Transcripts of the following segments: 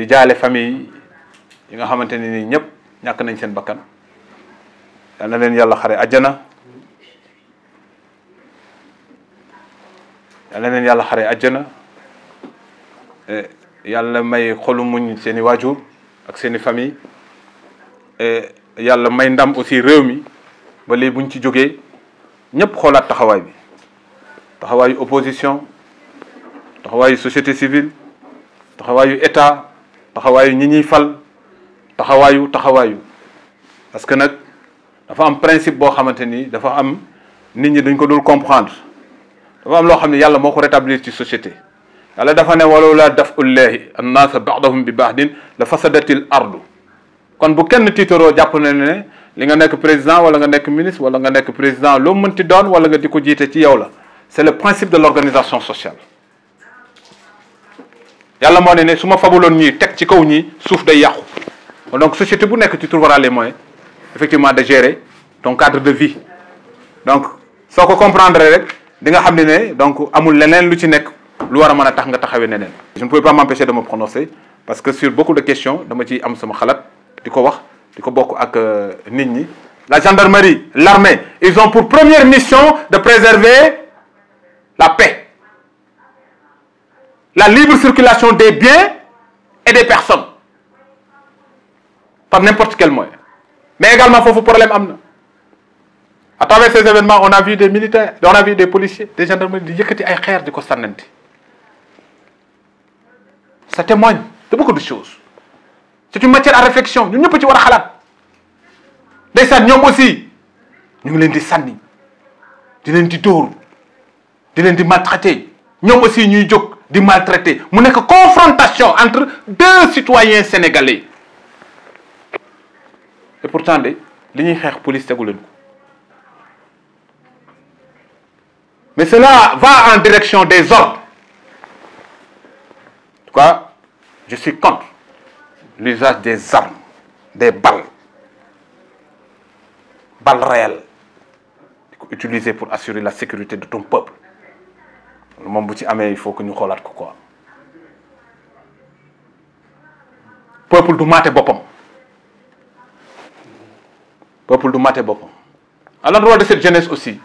di jaale famille yi nga xamante ne nii ñëpp ñàkk nañ seen bakkan yal leen yàlla xare àjjana yal na leen yàlla xare àjjana e, yàlla may xolu muñ seeni i ak seeni i famille e, yàlla may ndam aussi réew mi ba léegi buñ ci jógee ñëpp xoolaat taxawaay bi taxawaayu opposition taxawaayu société civile taxawaayu état taxawaayu ñi ñuy fal taxawaayu taxawaayu parce que nag dafa am principe boo xamante ni dafa am nit ñi dañ ko dul comprendre dafa am loo xam ne yàlla moo ko rétablir ci société yàlla dafa ne walaw laa dafu llaahi annaasa baadahum bi baadin la fasadatil ardu kon bu kenn tiitaroo jàpp na ne li nga nekk président wala nga nekk ministre wala nga nekk président loo mënti doon wala nga di ko jiite ci yow la c'est le principe de l'organisation sociale yalla mo ne suma su ma tek ci kaw ñii souf day yàqu donc société bu nek tu trouveras les moyens effectivement de gérer ton cadre de vie donc soko comprendre rek di nga ne donc amul leneen lu ci nek lu wara tax nga je ne pouvais pas m'empêcher de me prononcer parce que sur beaucoup de questions dama ci am sama xalat diko wax diko bokk ak euh, nit ñi la gendarmerie l'armée ils ont pour première mission de préserver la libre circulation des biens et des personnes par n'importe quel moyen mais également vous problème am à travers ces événements on a vu des militaires on a vu des policiers des gendarmes di yëkkati ay la ça témoigne de beaucoup de choses c'est une matière à réflexion nous ne pouvons pas a Des gens, nous aussi Nous sommes des di nous sommes des di nous sommes des maltraités maltraiter aussi du maltraité. mu une confrontation entre deux citoyens sénégalais et pourtant les lignes, ñuy la police mais cela va en direction des ordres Quoi je suis contre l'usage des armes des balles balles réelles Utilisées pour assurer la sécurité de ton peuple moom ci amee il faut que nous xoolaat ko quoi peuple du maate boppam peuple du maté boppam à l'endroit de cette jeunesse aussi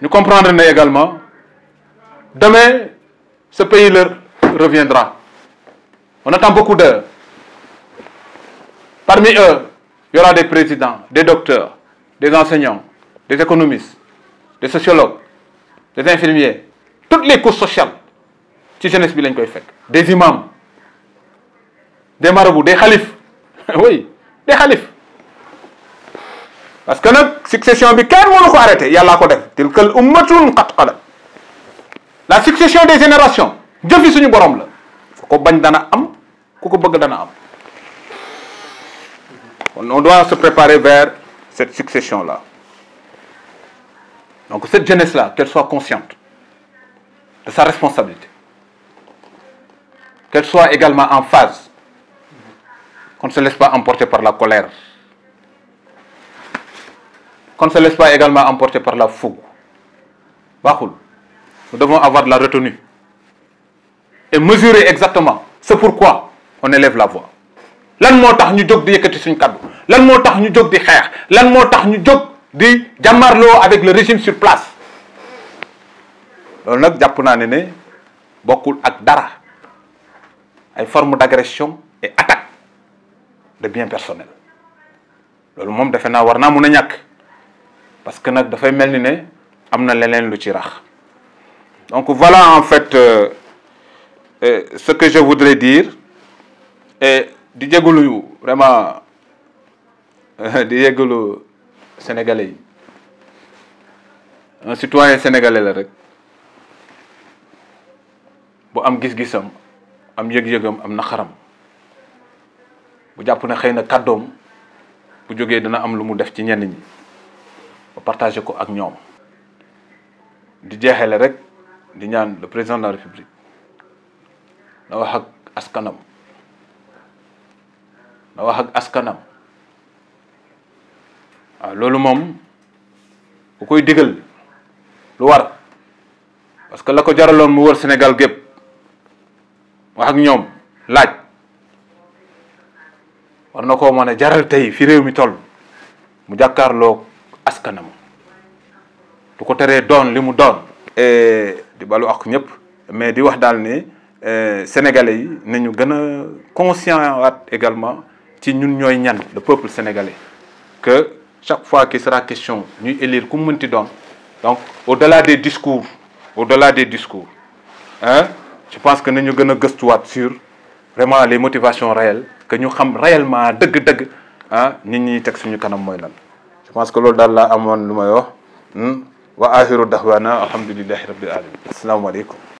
nous comprenons également demain ce pays leur reviendra on attend beaucoup d'eux parmi eux il y aura des présidents des docteurs des enseignants des économistes des sociologues des infirmiers toutes les causes sociales ci jeunesse bi lañ koy des imams des marabouts des califs oui des califs parce que notre succession bi kenn mënu ko arrêter. yalla ko def la ummatun la succession des générations Je suñu borom la ko bañ dana am ku ko bëgg dana am on doit se préparer vers cette succession là donc cette jeunesse là qu'elle soit consciente de sa responsabilité. Qu'elle soit également en phase, qu'on ne se laisse pas emporter par la colère, qu'on ne se laisse pas également emporter par la fougue. Nous devons avoir de la retenue et mesurer exactement C'est pourquoi on élève la voix. lan moo tax ñu jóg di yëkkati suñu kaddu lan moo ñu a di avec le régime sur place loolu nag jàpp naa ne ne bokkul ak dara ay forme d'agression et attaque de biens personnels Le moment de faire war naa mun parce que notre dafay mel ni ne am na lu ci rax donc voilà en fait euh, euh ce que je voudrais dire et di Goulou, vraiment euh, di jégalu sénégalais yi un citoyen sénégalais la rek bu am gis-gisam am yëg-yëgam am naqaram bu jàpp na xëy na kàddoom bu jógee dana am lu mu def ci ñenn ñi ba partagé ko ak ñoom di jeexale rek di ñaan le président de la république na wax ak askanam na wax ak askanam waaw loolu moom bu koy digal lu war parce que la ko jaraloon mu wër Sénégal gépp wax ak ñoom laaj war na a jaral tey fi réew mi mu jàkkaarloo askanam du ko doon eh, mais di wax eh, sénégalais yi également ci ñun le peuple sénégalais que chaque fois qu'il sera question nous élire ku donc au-delà des discours au-delà des discours hein je pense que ni ñu gën a gëstuwaat sur vraiment les motivations réelles que ñu xam réellement dëgg-dëgg ah nit ñi teg suñu kanam mooy lan je pense que loolu daal laa amoon lu may wax hmm? wa axiru dahwaana alhamdulillahi rabbil alamin asalaamaaleykum